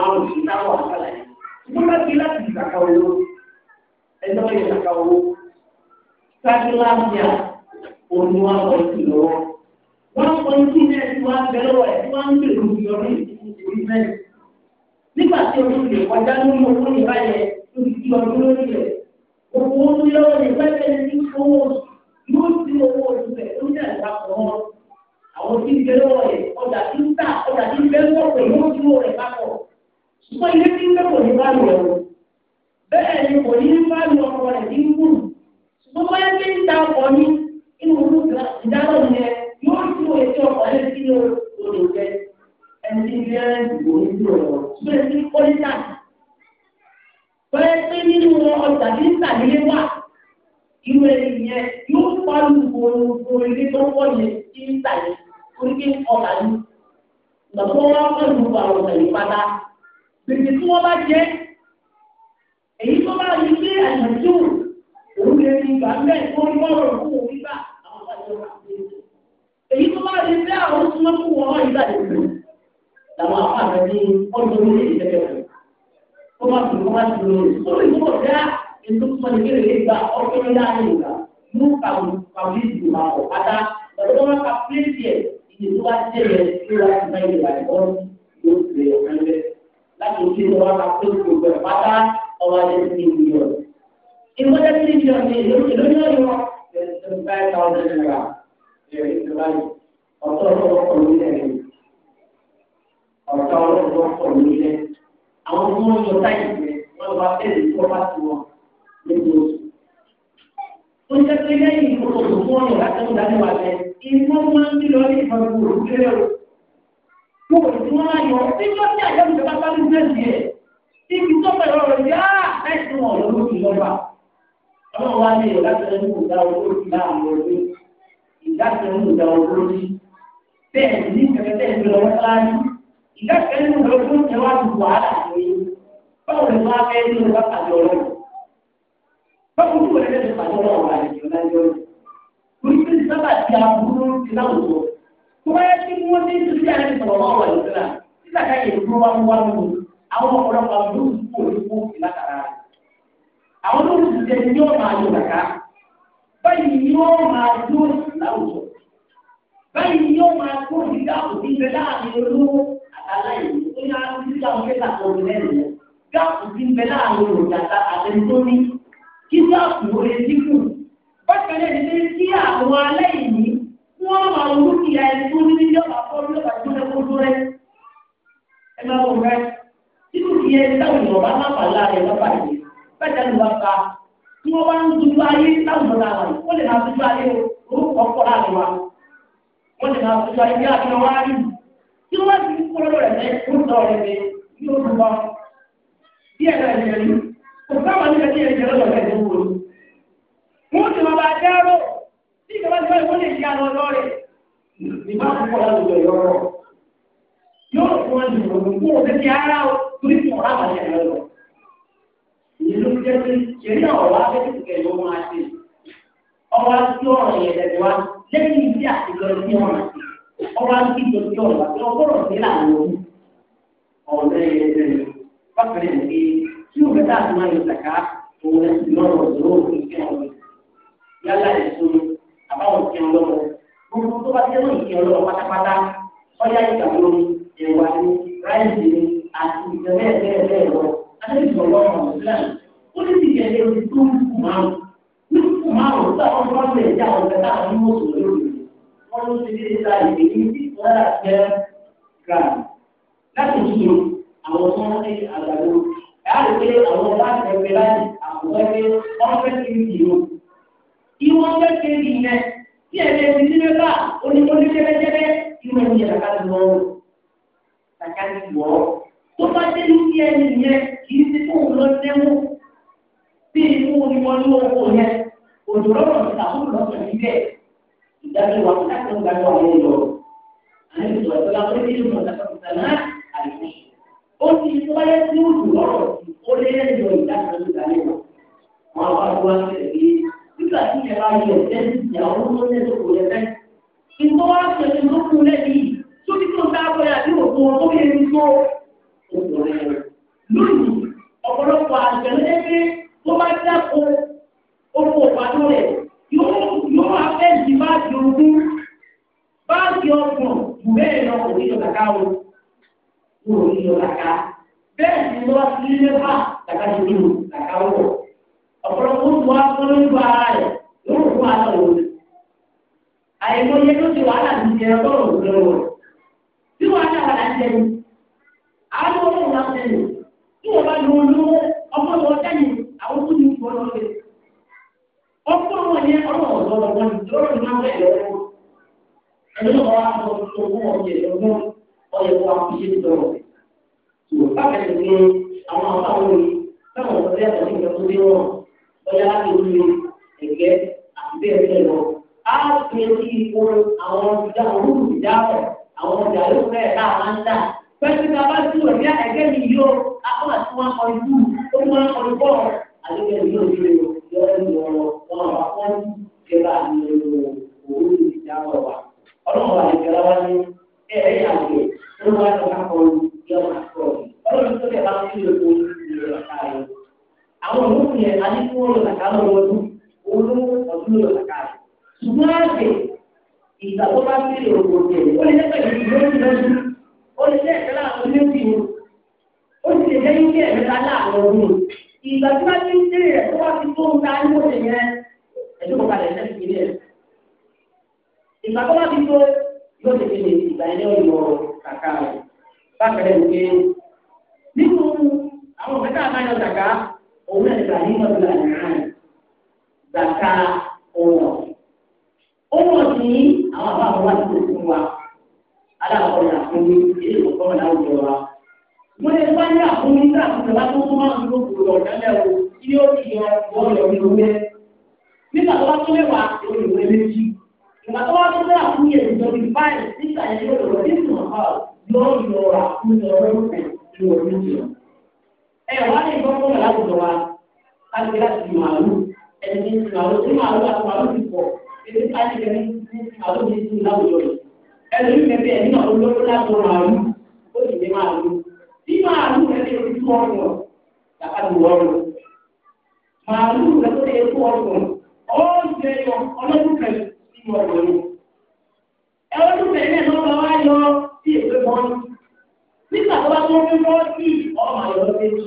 àwọn òṣìṣẹ́ táwọn àkàlà yẹn. mo bá fi láti ìgbàkà owó ẹjọ́ yẹn ìgbàkà owó. sáájú wọ́n kọ ń bèrè òbí ìdíje orí mẹ́rin nígbà tí oṣù lè kọjá lórí owó ìbá yẹn lórí ti ọdún lórí rẹ̀ owó oṣù lọ́wọ́ lè fẹ́ bẹ́ẹ̀ ní owó oṣù yóò ti owó oṣù rẹ̀ lórí àgbà pọ̀ wọn àwọn tí ń bẹ lọ́wọ́ rẹ̀ ọjà tí ń tà ọjà tí ń bẹ lọ́wọ́ rẹ̀ yóò ti owó rẹ̀ papọ̀ ṣùgbọ́n ilé tí ń bẹ kò ní bá lọ bẹ́ẹ̀ ni kò ní bá lọ ọkọ rẹ̀ ní kú ṣùgbọ́n báyá pé ń ta ọkọ ní inú olùkọ́ ìdáná yẹn yóò ti owó ètò ọkọ rẹ̀ sí ní òdòdó ẹni tí ilé ìdìbò ń dùn ọ̀rọ̀ tó lè ní pọ́lítà. Bẹ́ẹ̀ pé nínú ọjà tí ń wà, irú ẹni yẹn yóò pálù gbogbo ilé tó wọ́ yẹn tí ń tà yẹn torí pé ọ̀là ni. Ìgbàgbọ́ wa pẹ̀lú àwọn ọ̀gá yìí padà. Bèbè tí wọ́n bá jẹ́, èyí tó bá yí pé àyànjú òun lè fi ìgbà mẹ́ẹ̀ tó ń bọ̀ rọ̀ fún òun nígbà àwọn àgbàdo làwọn afáàfẹ́ ní ọdún orí ìṣẹ́jẹ́ fún kó má tún kó má tún lò sórí ìmúbọ̀ dá ètò sọ̀rọ̀ kí lè gba ọdún orí láàrin ìgbà mú kàwé kàwé ìdìbò máa pọ̀ pátá lọ́dọ̀ tó máa ka pílẹ̀tì ẹ̀ ìdí tó bá jẹ́ rẹ̀ tó wá ti bá ìlera ẹ̀ bọ́ yóò ṣe ọ̀kan rẹ̀ láti ṣe tó wá ka pílẹ̀tì ọ̀gbẹ̀ pátá ọwọ́ ajé sí mílíọ̀nù. ìmọ̀jẹ́ sí mílíọ̀nù èlò èlò ní ọ̀yọ́ ẹ̀ ẹ̀ five thousand naira ẹ̀ ẹ̀ ìṣẹ̀lẹ̀ ọ̀tọ̀ ọ̀tọ̀ ọ̀tọ̀ ọ̀tá ọlọ́dún ọ̀pọ̀ nílẹ̀ àwọn tí wọ́n yọ táyì rẹ̀ wọ́n wá bẹ̀rẹ̀ tó bá ti wọ̀ nínú oṣù. ó jẹ́ pé lẹ́yìn ìkókò tó fún ọ̀yọ̀ látẹ̀wọ̀n dáníwá jẹ ìwọ máa ń bí lọ ní ìbọn gbòòrò kéré o. mo wò ní wọn láyọ níjọ́ tí àyẹ̀wò ìjọba bá ní bẹ́ẹ̀sì ẹ̀ ibi tó pẹ̀lú ọ̀rọ̀ yá láìsí wọn ọ̀rọ̀ ló ti lọ́ba. ọlọ́run wá ní ìyọ̀ látẹ̀wọ̀n ìdá olórí láàrin ọdún ìdá ìdá kan nínú rẹ̀ fún ìjọba ti wàhálà lórí báwo ni wọ́n á fẹ́ nínú rẹ̀ pàdé ọlọ́run báwo ni wọ́n lè pàdé ọlọ́run wà lẹ́yìn ọ̀làjọ́ rẹ̀ torí pé sábà ti àbúrò ti láwùjọ tó bá yẹ kí wọ́n ní ti sí àárín sọ̀rọ̀ wọn wà lọ́sẹ̀ náà nígbà ká yẹ kúrò wá wá lọ́wọ́ àwọn ọ̀pọ̀lọpọ̀ àbúrò ti kú òní kú ìlàkàrà rẹ̀ àwọn olóòtú ti ní ọ̀nà máa dúró aláìní ó ní àwọn títí àwọn kẹta kan ní lẹ́nu yẹn gáàpù ti ń bẹ láàrin òòjà àtẹni tó ní kí gáàpù ó lè dínkù bákan náà ní pé kí àwọn aláìní wọ́n máa ń mú kí ẹni tó ní níjọ́ àkọ́ lọ́pàá tó lẹ́ kó tó rẹ ẹ máa wọ rẹ títí kí ẹni táwọn èèyàn bá máa pàlà ayé bí àbí wọn rí tí wọ́n ti ń rẹ̀ ní orúkọ rẹ̀ yóò dùn bá bí ẹ̀ náà yẹ lu ní ẹ̀jẹ̀ lọ́dọ̀ rẹ̀ ní wúro. wọ́n ti máa bá a dárò tí ìjọba ti bá ìwọ́n lè yá lọ lọ́rẹ̀ ìbá púpọ̀ láwùjọ ìyọ́rọ̀ yóò fún wọn ní ìròyìn kó o tẹ́tí ara o torí kí wọ́n rábà yẹ lọ́dọ̀. ìyẹn jẹ́ pé ṣẹ̀rí ọ̀rọ̀ afẹ́kẹ̀kẹ̀ ló máa ṣe ọmọ tí ọ̀rọ̀ yẹn lẹ́yìn ọwọ́ àti ìjọsí ọ̀rọ̀ àti ọgọ́rọ̀ sí láàrin òun ọ̀rẹ́ ẹ̀ẹ́dẹ́gbẹ̀rẹ̀ bákan náà ní tí òun bẹ́tà àti máa yọ sàká òun ẹ̀ sì lọ́rọ̀ lọ́wọ́ òun kí wọn yálà èso àbáwọn kí wọn lọ́wọ́ gbogbo tó bá tẹ́lẹ̀ kí wọn lọ́wọ́ pátápátá ọ̀yá ìgbàgbọ́ ẹ̀wà ní ráìsì ní àti ìjọ bẹ́ẹ̀ bẹ́ẹ̀ bẹ́ẹ̀ lọ adébísọ̀ lọ́wọ́ ọ̀sán ó ní ti kẹ̀lé orí tó ń kù márùn-ún ní kù márùn-ún tó àwọn ọ̀dọ́ ọdún ti ní ìta ìdè ní ìtara jẹ́ grand láti tún àwọn tó ń ní àgbàdo láti pé àwọn bá tẹ̀lé láti àwọn ẹgbẹ́ wọn fẹ́ kí n kìló ìwọ́n fẹ́ kí n yẹn tí ẹ̀jẹ̀ ti ní bẹ́ẹ̀ bá oníkóníkẹ́lẹ́jẹ́lẹ́ ìwọ̀n ní ẹ̀ka ti wọ́n ẹ̀ka ti wọ́ tó bá dé ní kí ẹni yẹn kì í ti fóun lọ sẹ́wọ̀n bí ìfowópamọ́ ní wọn ní owó yẹn òjò lọ́rọ̀ ìtàkùn lọ́sọ̀ọ́ ìdájọ́ wa kita ń gbàgbọ́ àwọn èèyàn àwọn ètò ọ̀sọ́lá tó ní ìlú ọ̀sán kọ̀ọ̀sán náà àìsí. ó ti tó bá yẹ Oleh ó dùn lọ́rọ̀ ó lé lẹ́yìn ọ̀rọ̀ ìdájọ́ ìdálẹ́ wọn. wọn wá ló wá sílẹ̀ pé nígbà tí ìyẹn bá yọ ọ̀sẹ̀ ìyàwó ló ń tẹ̀sọ̀ kò lẹ́sẹ̀. ìgbọ́ wá pẹ̀lú ló kún lẹ́bi tó ní tó dá abọ́yà tí òkú wọn tó lè ní tó lónìí ló wà fẹ́ǹsì báàgì ogún báàgì ọgbọ̀n jù bẹ́ẹ̀ lọ kò ní yọ kàkà o kò ní yọ kàkà bẹ́ẹ̀ ni wọ́n ti ní mẹ́fà kàkà tó ní o kàkà o wọ̀ ọ̀pọ̀lọpọ̀ tó wá fún lójú ara rẹ̀ yóò fún ara òun àìmọye ló ti wàhálà ní ìjẹ ọlọ́run lọ́wọ́ bí wàhálà wà láti ẹni àwọn ọlọ́run láti ẹni tí wọ́n bá lu olówó ọmọ ìwọ́sẹ́ni àwọn tó ọkọ àwọn yẹn ọlọ́run ọ̀dọ́ ọ̀dọ́ ni lọ́rùn náà bẹ̀rẹ̀ lọ́wọ́ ẹni náà wà á sọ ogún ọ̀yẹ̀ ogún ọ̀yẹ̀ wà á fi ṣe sọ̀rọ̀ tó bákan ní pé àwọn àbáwọn yìí táwọn ọ̀dọ́ yàtọ̀ ní ìjọba tó wọn ọ̀yẹ̀ ọlọ́run wa kọ́ kẹta nínú òwúrò ìdáwọ̀ wa ọlọ́run wa ìjọba wa ní ẹ̀ẹ́dẹ́ àgbẹ̀ tó wà ní kákọ́ yọ̀ọ́ àkọ́ ọlọ́run tó kẹta ń fi èkó ìlú ọ̀tá rẹ̀ àwọn olóògùn yẹn adé tí wọ́n lọ kàkà lọ lọ́dún olówó ọdún lọ kàkà rẹ̀ ṣùgbọ́n àgbẹ̀ ìgbàgbọ́ bá fi èkó jẹ ó lè jẹ́ pẹ̀lú ìgbẹ́ ó lè ìgbà tí wọ́n ti ń tẹ̀lé rẹ̀ tó wá ti tó ń ta ẹ̀wọ̀n ṣe yẹn ẹ̀dùn kò kalẹ̀ ṣẹ́ ìpínlẹ̀ rẹ̀. ìgbà tó wá ti tó yóò ṣe kéde ìgbà ẹni ọ̀yọ́ kàkà rẹ̀ bákẹ́rẹ́ wípé nínú àwọn mẹ́ta àbáyọ kàkà òun náà nígbà nínú ọ̀dọ́ àyàn gbàkà ọ̀rọ̀. ohun ọ̀sìn yìí àwọn àbá wá ti tó wa aláwọ̀ ọ̀rọ̀ àfọwé ilé ìwòsàn náà wù mo lè wá ní àkúnmí ní àkúnmí bá tó tó máa ń lo kúrò ọ̀dálẹ̀ o kí ó ti yọ ọ̀yọ̀ mi ló wẹ́. nígbà tó wá tó mẹ́wàá yóò lè wẹ́ ìgbà tó wá tó mẹ́wàá fún yẹn ìjọ bí báyìí nígbà yẹn yóò lọ sí ìtumọ̀ pa yóò yọ àkúnmí ọ̀rọ̀ rẹ̀ ju ọ̀rọ̀ méjì ẹ wá lè gbọ́ fún ìlà àwùjọ wa láti láti màálù ẹni tí màálù tí màálù àti màálù ti pọ̀ màálù rẹ̀ lè fi fún ọ̀rọ̀ lápàdé wọ́ọ̀rọ̀ màálù rẹ̀ tó lè fún ọ̀rọ̀ ó jẹ yọ ọlọ́dún kan nínú ọ̀rọ̀ yìí ẹlọ́dún kan náà lọ́ba wá yọ sí èpè mọ́ nígbà tó bá tó ń fọ́ sí ọmọ àyọ̀ lọ́dẹ́jì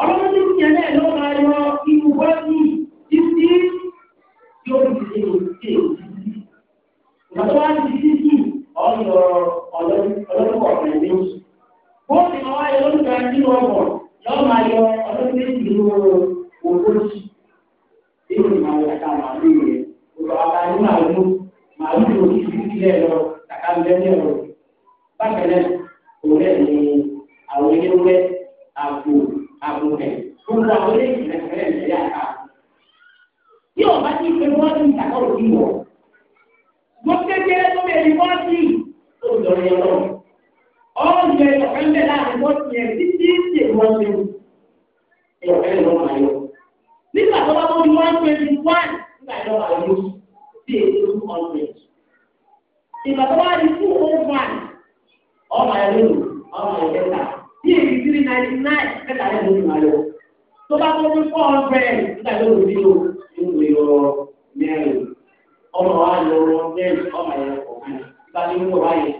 ọlọ́dún kan náà lọ́ba yọ ibùgbọ́ sí títí yóò fi ṣe òkè ìgbà tó wá ti títí ọ̀yọ̀ ọlọ́dún ọ̀rẹ́ méjì. Bóòlù àwọn ayé olùkọ́ nínú ọgbọ̀n yóò máa yọ ọdún méjì nínú ogójì. Nínú ìmọ̀ràn ìyàtà màálù rẹ̀, òkè ọ̀gá ní màálù, màálù ní òkè ìdílé ilé ẹ̀rọ, kàkà ń bẹ́ ní ẹ̀rọ. Bákan náà, òun ẹ̀ ní àwọn ewúrẹ́, àgbò, àgbò rẹ̀. Gbogbo àwọn ilé ìfẹ̀fẹ̀ rẹ̀ lẹ́yà ká. Bí ọ̀bá ti pé wọ́n ti ìtàkọ́ òbí wọ̀, gbogbo kékeré tó ọ̀jọ̀ ìyọ̀kẹ́ ń láàrin wọ́n ti yẹn títí tí èèwọ̀ ṣe wù. ìyọ̀kẹ́ ló máa yọ. nígbà tó bá wọ́n ní one twenty one nígbà yọ àyọ sí èso two ìgbà tó bá ní two oh one ọmọ ọmọ èyí ló tó bá nígbà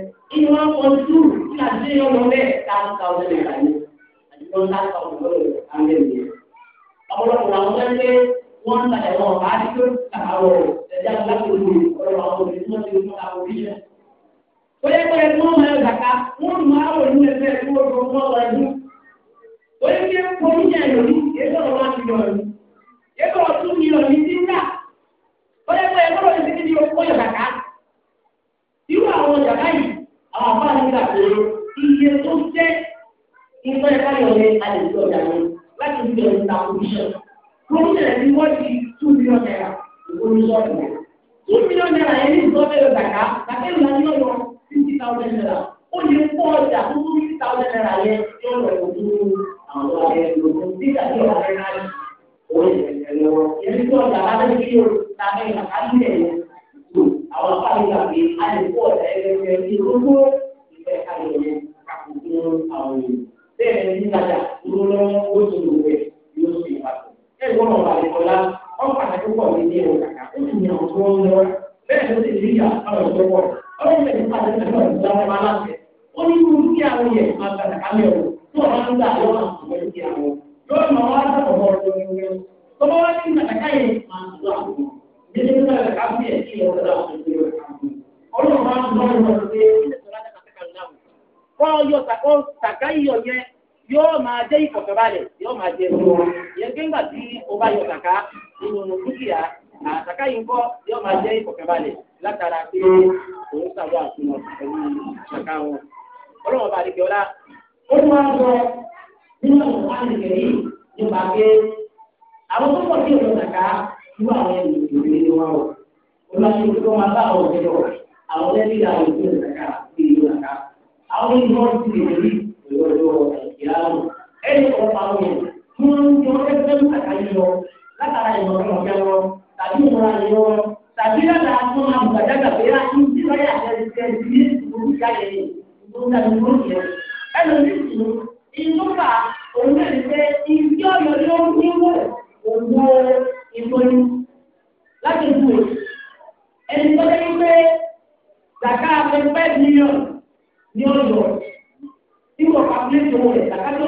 inú wa kọ dúró kí àti ẹyọ lọ bẹ́ẹ̀ táwọn ká ọdún náírà ní àdúgbò ńlá ká ọdún lọ́rọ̀ àmì ẹmí ọ̀pọ̀lọpọ̀ àwọn ẹgbẹ́ wọn ń tajà wọn bá ti tó kàwọ ẹja ńlá tó lù ọ̀rọ̀ àwọn òbí wọn ti mú àwọn òbí yẹn. wọ́n yẹ kó ẹ fún ọmọ ẹ gbàgbá wọ́n mú àwọn òbí ẹ fẹ́ fún ọdún fún ọ̀rọ̀ ẹdún. wọ́n yẹ kó polú yẹn lórí ètò ọ̀rọ̀ wọn ti lọ rí ètò ọ̀tún mi lọ ní ti ń dà. wọ́n yẹ kó ẹ fọ́n àwọn àbá nígbà pé iye tó jẹ́ ìgbà ìkáyọ̀ ní ọ̀dà ni láti fi ọ̀dà ta commission. Commission ti wọ́n di two million naira owó ní sọ́ọ̀tù rẹ̀. Two million naira yẹn ní ìsọ́fẹ́ ọ̀dàkà lákẹ́lù láti ọ̀dọ̀ fifty thousand naira. Ó lè pọ̀ ọjà tó tó fifty thousand naira yẹn tí lọ ìwọ̀n tó tó ọjà lábẹ́ kí o tàbí ìrúgbó wọn ọlọ́wọ́n bá di kí ọlá. ó tún máa ń sọ nínú àwọn àlùkẹ́ yìí nípa pé àwọn tó pọ̀ sí ìlú kàkà irú àwọn ẹni ìlú ní wọn o olùwàsí ìlú tó máa bá àwọn òbí lọ àwọn ẹni ìlú àwọn ìlú kàkà sí ìlú kàkà àwọn ẹni wọn ti lè rí ìlú ọjọ́ ìyá ẹni ọ̀pọ̀ àwọn yẹn tí wọ́n ń jọ ẹgbẹ́ mú yìí lọ látara ìmọ̀ ọ̀rọ̀ wọn tàbí ìmọ̀ràn yìí wọn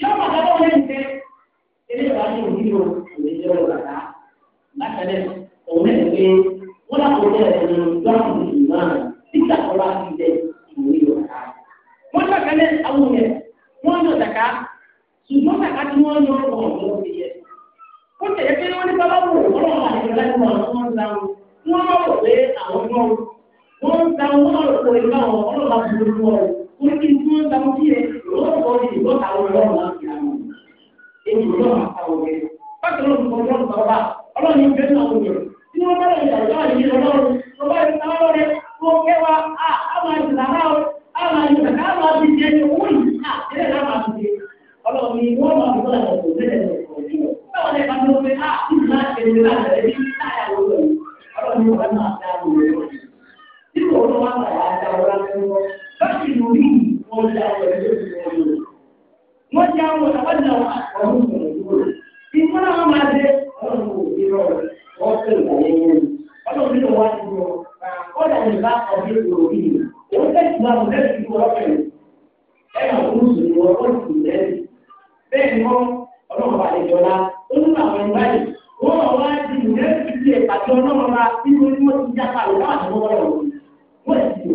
yóò bàtà tó lẹ́yìn pé eré ìwà ní òní o òní jẹ́ òun bàtà látàlẹ́ òun lẹ́yìn pé wọ́n lápò lẹ́ ẹ̀rọ gbọ́dọ̀ ìgbà nígbà tó bá ti jẹ òní o bàtà. wọ́n sàkálẹ̀ àwọn yẹn wọ́n yọ sàká ṣùgbọ́n sàká tí wọ́n yọ ọ̀rọ̀ ọ̀rọ̀ ti yẹ. ó tẹ̀lé pé wọ́n ní bábá wò ọlọ́run àlejò láti wọ̀ wọ́n ń dáhùn wọ́n rọ̀ pé àwọn náà wọ́n ń dáhùn wọ́n rọ̀ pé wọ́n ti tún ọ́n dáhùn sí ẹ lọ́wọ́ ní ìlọ́ta ọlọ́run láti àwọn èyí ọlọ́run àtàwọn ọ̀gẹ́. bákan náà nǹkan ọlọ́run bá wà ọlọ́run ìgbẹ́ náà wọ̀ yọ̀ tí wọ́n bá lọ́ọ́ ìyàwó náà yìí ọlọ́run tó bá yẹ káwọ́ rẹ tó kẹ́ wa á máa yìí lára o á máa yìí kàkà á máa fi jẹ ẹni owó yìí á tẹ́lẹ̀ náà máa fi jẹ ọlọ́run ni wọ́n máa fi bọ́lá ọ̀gbọ̀n tẹ́lẹ̀ ọ̀gbọ̀n فقد يريد ولا wọ́n ti àwọn àbájá wọn àwọn ìgbòho ìgbòho àwọn máa dé ọ̀rọ̀ wọn ní bá yìí ti ti ni bá lè jọlá ó ní àwọn yìí wá di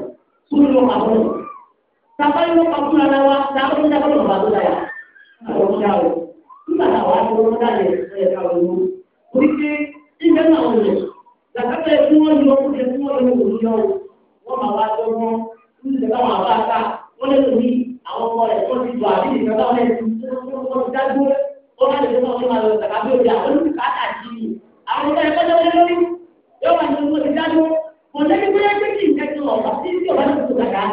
sórí ló pa fún un tàbá ló pa fún ara wa tàbá ló dábàá lọ́ba tó dáyà àwọn ọ̀ṣà o nígbà táwa ti wọ́n dáyà ẹ̀ ká wọ́n mú orí pé ìgbẹ́ náà wọ̀ lẹ̀ làkàtà ẹ̀ tí wọ́n yọ ẹ̀ tí wọ́n yọ òun yọ wọ́n máa wá jọ wọn nígbà táwọn àbá ta wọ́n lè lò ní àwọn ọmọ rẹ̀ wọ́n ti lọ àbí ìgbà táwọn ẹ̀ ti wọ́n ti dájú wọ́n máa lè lè máa lọ sàkàbí òbí àwọn olùkọ́ àtàkì àwọn ọmọ ẹ̀ kò pé ẹgbẹ́ kì í tẹ́tí ọ̀pá tí tí ọ̀pá tó kàkà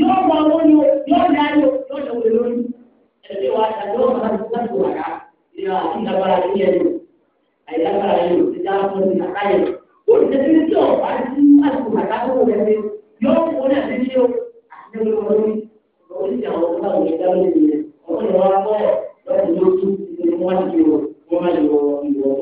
yóò mọ owó ni o yóò ní ayò yóò ní owó lórí ẹgbẹ́ wa àti ọ̀pá tó kàkà tó kàkà ìyá àti ìdábàrà yìí yẹn lò àyílábàrà yìí lò ti dá fún mi kàkà yẹn kò ní tẹ́tí tí ọ̀pá tí àti kàkà tó kọ̀ lẹ́ni yóò fún ní àti ní o àti ní owó lórí oríṣi àwọn ọ̀pá tó kàkà lórí ọ̀pá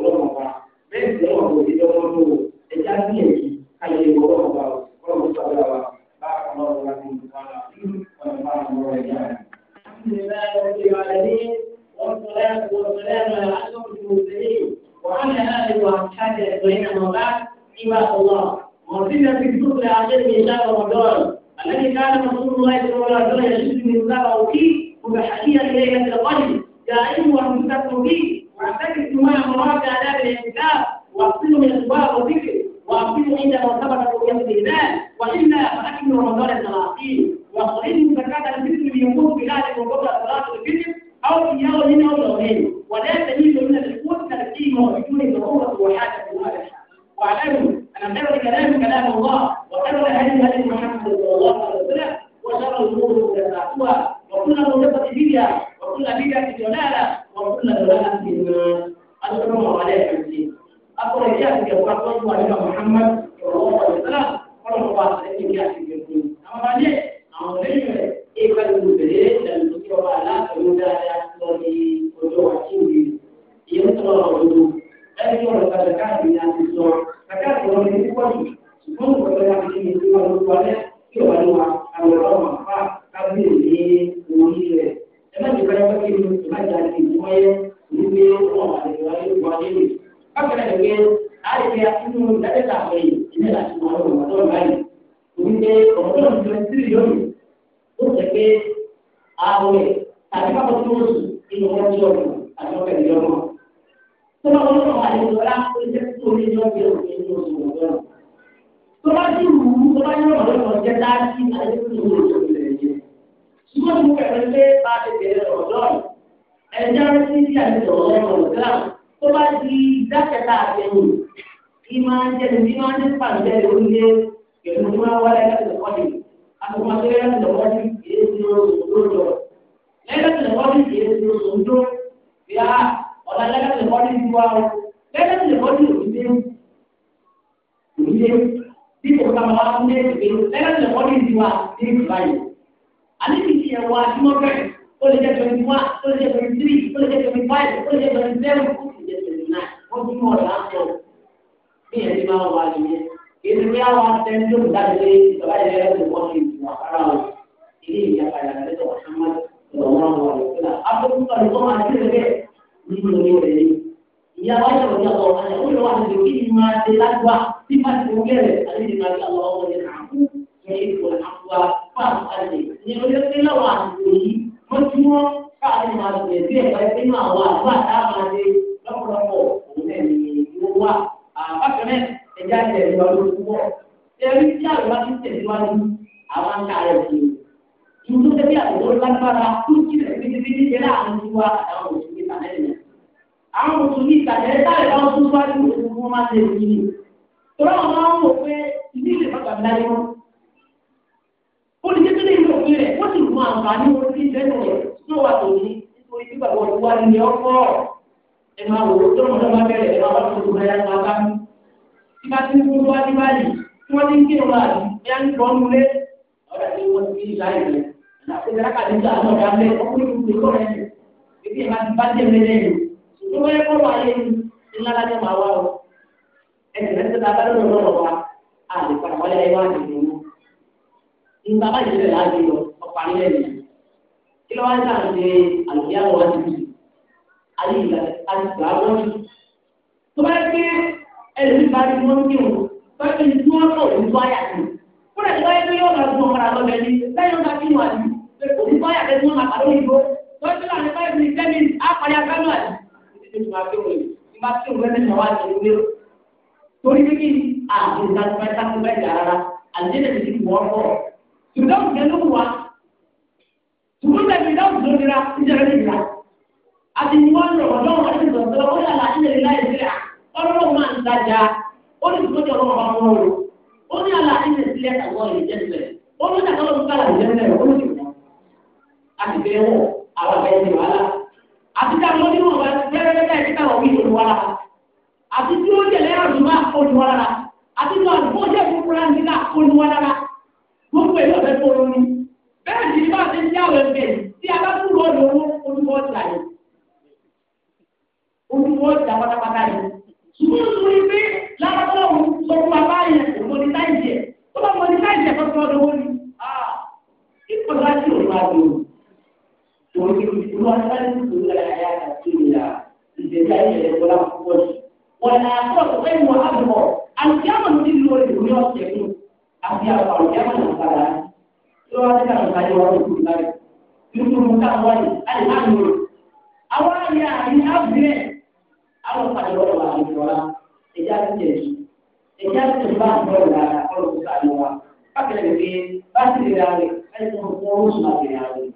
ààwẹ̀ tàbí ká bọ́tú oṣù nínú ọjọ́ ọ̀nà àti ọ̀pẹ̀ ìjọ náà. tó bá wọn náà àyè ìjọba ó jẹ́ tó ní ìjọ bí oṣù nínú oṣù ọjọ́ náà. tó bá dì wù ú tó bá yọ̀ ọ̀dọ́ kan jẹ́ dáàbí àyè tó ní oṣù ìrẹ̀lẹ̀ yẹn. ṣùgbọ́n mo kẹ̀kẹ́ pé bá a ti bẹ̀rẹ̀ ọ̀dọ́ ẹ̀jẹ̀ rántí bí àti ọ̀rọ̀ tó bá di ìdákẹ́ta àtẹ̀yìn kí máa ń jẹ́ ní máa ń ní pàǹdẹ́ lórí ilé ìrìnnà wọlé láti àtùmọ̀tẹ́rẹ́ lọ́wọ́dì kìí ṣe òdòdó. lẹ́lẹ́tì lọ́wọ́dì kìí ṣe òdòdó bí a ọ̀la lẹ́lẹ́tì lọ́wọ́dì ti wá o lẹ́lẹ́tì lọ́wọ́dì òdìdé òdìdé bí kò ká máa ń lé ìgbé lẹ́lẹ́tì lọ́wọ́dì ti wá ní ìgbàyè. àníbi ti ẹ̀wọ̀ àtìmọ́fẹ́ ó lè jẹ́ twenty one ó lè jẹ́ twenty three ó lè jẹ́ twenty five ó lè jẹ́ twenty seven ó lè jẹ́ twenty nine wọ́n tún mọ̀ láńtọ̀ bí ẹ̀ ti máa wà nìyẹn. èdè bí àwọn atẹ́ńdó ìdádìlé ìjọba ìrẹ́lẹ́ ti wọ́n ṣe وحرام إليه على نبي محمد صلى الله عليه وسلم أبو بكر يقوم على كل بيت من غيره يا واحد يا الله أنا كل واحد يريد ما تلاقوا صفة مجرد أريد ما الله أمر ينعمه يحب العفو فأخذني يقول لك لا واحد يريد مجموع فأخذ ما تريد فأخذ ما الله فأخذ ما تريد lọ́pọ̀lọpọ̀ òun náà ni ìwọ wà. Àbákan náà ẹja tẹ̀síwájú púpọ̀. Ẹ̀rí tí àgbà ti tẹ̀síwájú àwọn ń tààrẹ sí i tuntun tẹ́lẹ̀ àtúntò lágbára tó jìnà fídífídí tẹ́lẹ̀ àwọn tí wá àtàwọn mùsùlùmí ìtàlẹ́ nìyẹn àwọn mùsùlùmí ìtàlẹ́ táyà bá tún wá ní mùsùlùmí wọn máa ń lè yí ni tọ́lá wọn máa ń wò pé ìdí ìlẹ̀ bàbá mi láyé wọn. olùdíjẹ́tẹ́lẹ̀ ìlú òfin rẹ̀ wọ́n sì mú àǹfààní orí ìjẹ́nu rẹ̀ tó wà lónìí nítorí bí bàbá olúwa ni ọkọ̀ ẹ̀ máa wò tó ti láì rẹ̀ àtẹ̀lẹ́ àkàdé ìjà àwọn ọ̀dà mẹ́ ọkùnrin ìlú ìlú rẹ̀ ní ibi ìhà ti bá dé mẹ́lẹ̀ ní ṣùgbọ́n wọ́n yẹ kọ́ wà lẹ́nu ńlára ní màá wá o ẹ̀sìn rẹ̀ ti ta bá lọ́dọ̀ lọ́rọ̀ wa a lè padà wọlé ayé wa nìyẹn mú nígbà bá yẹ lẹ́la bí lọ ọ̀pá ní lẹ́nu kí ló wá ń sàn ṣe àlùyáwó ti bì ayé ìgbà àti ìgbà wọ́n ní tó bá yẹ kódà tí báyìí tó yọ ọ̀nà ọdún ọmọdé àlọ́ bẹ̀rẹ̀ ní báyìí wọn bá kí wọn àlù kò ní báyà bẹ́ẹ̀ tí wọn máa lórí ìbò lọ́jọ́ tí wọn báyìí ní sẹ́mi àpáyà kánú àlù títí tó máa kéwòn yìí ìgbà tí òun bẹ́ẹ̀ náà wà ní ìwé torí pé kí àti ìdásíwájú sáfù bẹ́ẹ̀ yà rárá àlùjẹ́dẹ̀ ti ti wọ́n bọ̀ ṣùgbọ́n ìgbẹ́ ló wà ṣùgbọ́n bẹ́ẹ̀ ìdáhùn tó nira ìjẹ́rẹ́ nìyà àti ìwọ́n lọ́wọ́ lọ́wọ́ láti sọ̀tọ̀ ó yà láti lè láì sí à ọlọ́wọ́ máa ń dájà ó ní ìtúkọ́ tí ọlọ́wọ́ bá wọ́n lò ó ní àlà ẹsẹ̀ sílẹ̀ àwọn ìjẹ́ sílẹ̀ ó ní àlà ọlọ́run kára ìjẹ́ sílẹ̀ ó ní ìwọ àti bẹ́ẹ̀ wọ̀ àwọn àbẹ́ ti wàhálà àti tí àwọn onímọ̀ bá ti bẹ́ẹ̀ bẹ́ẹ̀ bẹ́ẹ̀ kíkà wọ̀nyí olùwàlà àti tí ó jẹ̀lẹ́ àdùnmá olùwàlà àti tí àdùnmó jẹ́ fúnfúnra nílà olùwàlà gbogbo èyí ọ̀fẹ́ tó lórí bẹ́ẹ̀ ni bá ti ń yá àwọn ẹgbẹ́ tí a bá kúrò lówó olúwọ́ ọ̀tà yìí olúwọ́ ọ̀tà pátápátá yìí ṣùgbọ́n nítorí pé lábàtà òun sọ fún wa tó lówó ni ah, ipò láti òun àjò tòun ti fi wọn láti tòun lọ àyà àti ìyá ìdẹ̀dẹ̀ ayé ẹ̀rẹ́ bọ́lá púpọ̀ sí. wọn náà tó ọ̀sẹ̀ ìwọ̀n àbọ̀ àti àwọn tí lò lè ní ọ̀sẹ̀ ní àti àwọn àti àwọn àgbàlá tí wọ́n ti kàn ká yọ̀wọ́ lókù láyé nítorí káwọn wáyé láyé bákẹ́lẹ́ lè fi bátìrì rà rẹ̀ láti fún fún oṣù bátìrì rà rẹ̀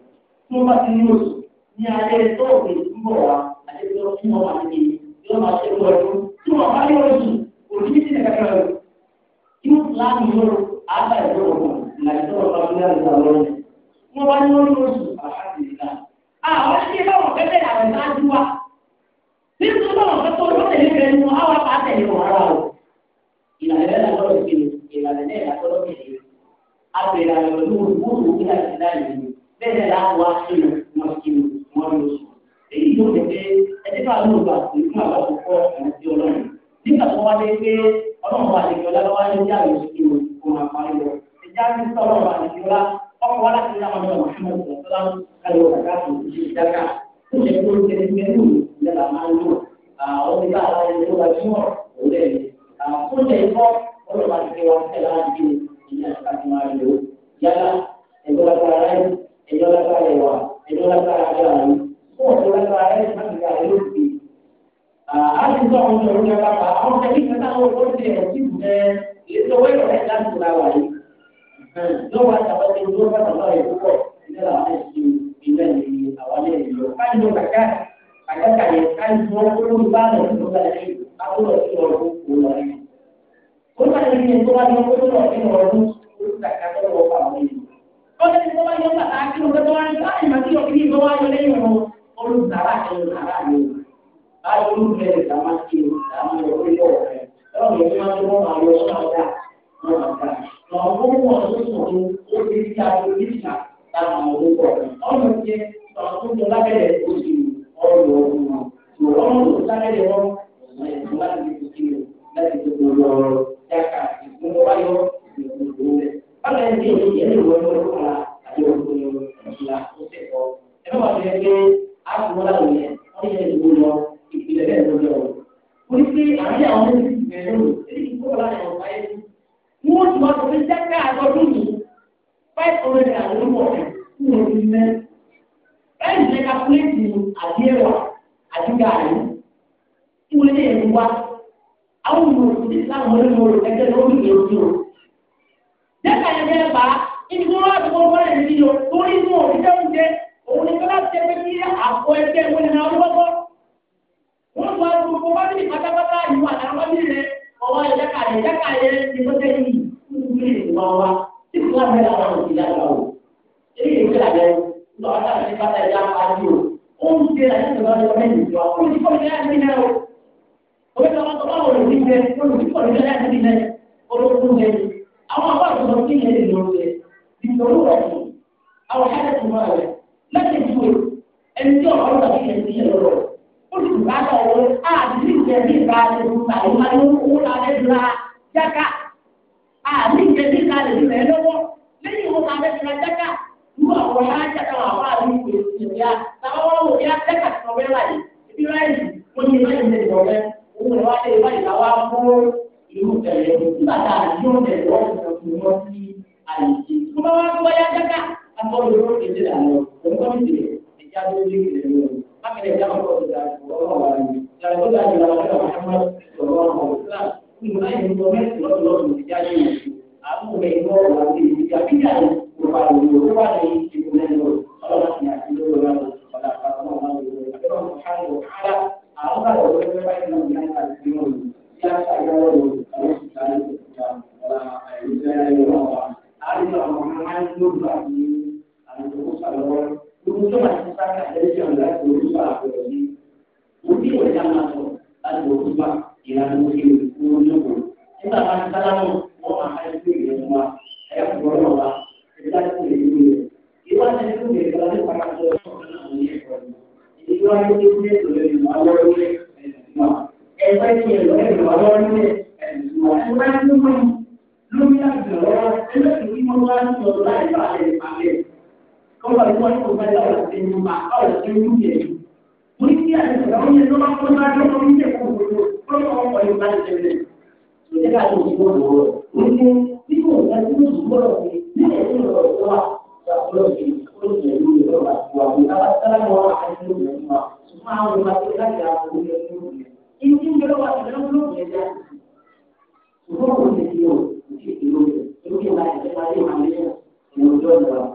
tó bá ti ní oṣù ní alẹ́ tó o fi túbọ̀ wá àti tó fún ọmọ àti yóò máa ṣe lọ ẹ̀kú tí wọ́n bá yọ oṣù òní ní sílẹ̀ kẹkẹrẹ rẹ̀ yóò láàmì lọ́rọ̀ àbá ìlú ọ̀gbọ̀n ìlànà tó wọ́n bá fi láàrin náà lọ́rọ̀ wọ́n bá ní orí oṣù àhàbìlá. àwọn ẹni báwọn fẹ́ bẹ̀rẹ̀ àwọn ìdájú wa nítorí báwọn fẹ́ tó lọ́tẹ̀ ní bẹ̀rẹ̀ nínú àwọn àpá wọn rárá o ìlànà ẹ̀ lọ́rọ̀ ìpinnu ìlànà ẹ̀ lọ́rọ̀ ìpinnu abẹ̀rẹ̀ àwọn ìlú òwúrò ní àtìlá ìlú bẹ́ẹ̀ láwọn wá sí wọn kí wọ́n lọ sùn. èyí ló jẹ pé ẹni bá lò bá sí fún àwọn àkókò ọ̀sán sí ọlọ́run nígbà tó wáyé pé ọlọ́run bá lè yọlá lọ́wọ́ ní ìyá rẹ̀ sí wọn kó máa parí lọ. ìjà ń sọ ọlọ́run bá lè yọlá ọkọ̀ wá láti yá wọn lọ́wọ́ fún ọ̀sán tó láwọn káyọ̀ kàkà tó ń ṣe ìdáka ó ṣe kó tẹ̀lé mẹ́rin ìlẹ́la máa ń lò àwọn ìgbà àwọn ẹni tó wá sí wọn òun lẹ́yìn. ó ṣe ìfọ́ ọlọ́run bá ti kẹ́ wọn tẹ̀lé ìyá lọ́wọ́ àtàwọn ẹgbẹ́ tó bá tàbá rẹ̀ púpọ̀ ìwà àwọn àwọn àtúntò kí ni èdè ló ìṣòro rẹ̀ fún àwọn ẹ̀ẹ́dẹ̀kùn máa rẹ̀ lẹ́yìn ìṣòro ẹni tí ọ̀rọ̀ olùbàdàn owó àdìsí ìjẹ̀bí ìbáraẹ̀ ìgbà ìwà ló ń kó lálẹ́ ìlà jáká àdìsí ìjẹ̀bí ìbáraẹ̀ ìlà lọ́wọ́ lẹ́yìn ìwọ̀n lálẹ́ ìlà jáká irú àwọn ọ̀la jáká wà wà ní ìwé ìjẹ̀bíà táwọn wọ́n wò ní jáká tí wọ́n fẹ́ láyé ibi ráyè wọ́n ní ráyè ní ìjọ̀rẹ́ òun rẹ̀ wá lé ìwà ìlà wá fún ìlú tẹ̀lé nígbà tá a yóò tẹ̀lé wọ́n ti أمن الجامعة يعني كل أن يراجع محمد صلى الله عليه وسلم في مناهج المؤمن رضي الله عنه بجاهه أبو بيمور وأبي بجاهه وقالوا له وقالوا له خلاص يعني له ولا ولا قالوا له سبحانه وتعالى أعوذ بالله من الشيطان الرجيم يا سيدنا ولا أعوذ بالله من الشيطان الرجيم أعوذ بالله من الشيطان الرجيم gbogbo tó máa ti sáré àtẹ̀lẹ́sẹ̀ ọ̀la láti olúbà àbẹ̀rẹ̀ ní. mo bí ìwé ká máa sọ láti olúbà ìlànà òkè olùkúrò lóko. nígbà máa ti sáré mọ́ wọ́n máa ká ẹgbẹ́ ìrẹ́ fún wa ẹ̀yà kúrọ́ náà wa ẹ̀dá tó lè ní ìrẹ́. ìwà ni ẹni tó lè gbà ní pàtàkì ọ̀sán ọ̀sán náà ní ẹ̀kọ́ ni. ìdíwájú tó ní ètò lẹ́nu àwọn ọ̀rẹ́ ìwọ ní kòkó ẹ̀dá ọ̀rọ̀ ṣe ní ma ọ̀rọ̀ ṣe ní yẹ. Mo ní kí àti ìgbà oúnjẹ tó bá kó sáájú ọmọ mi jẹ́ kó gbogbo tó ní ọmọ yìí bá ṣe lẹ̀. Ṣé ká ló ti gbọ́dọ̀ rọ̀? Mo ní bí kò ká tí ó ti gbọ́dọ̀ sí nílẹ̀ tí ó rọ̀ tó wà ṣàkóso sí ó ti ẹ̀rú ìrọ̀lá wà ní aláṣẹ́láwọ̀ àti ìlú ìgbà. Ṣùgbọ́n àwọn ìgbà tó láti àwọn ìgbà tó ń bẹ̀rẹ̀ ìdí ń bẹ̀rẹ̀ wà ní ọdún ìgbà. Ṣùgbọ́n kò ní ti yọ̀ ní ìlú ìgbà tó ń bẹ̀rẹ̀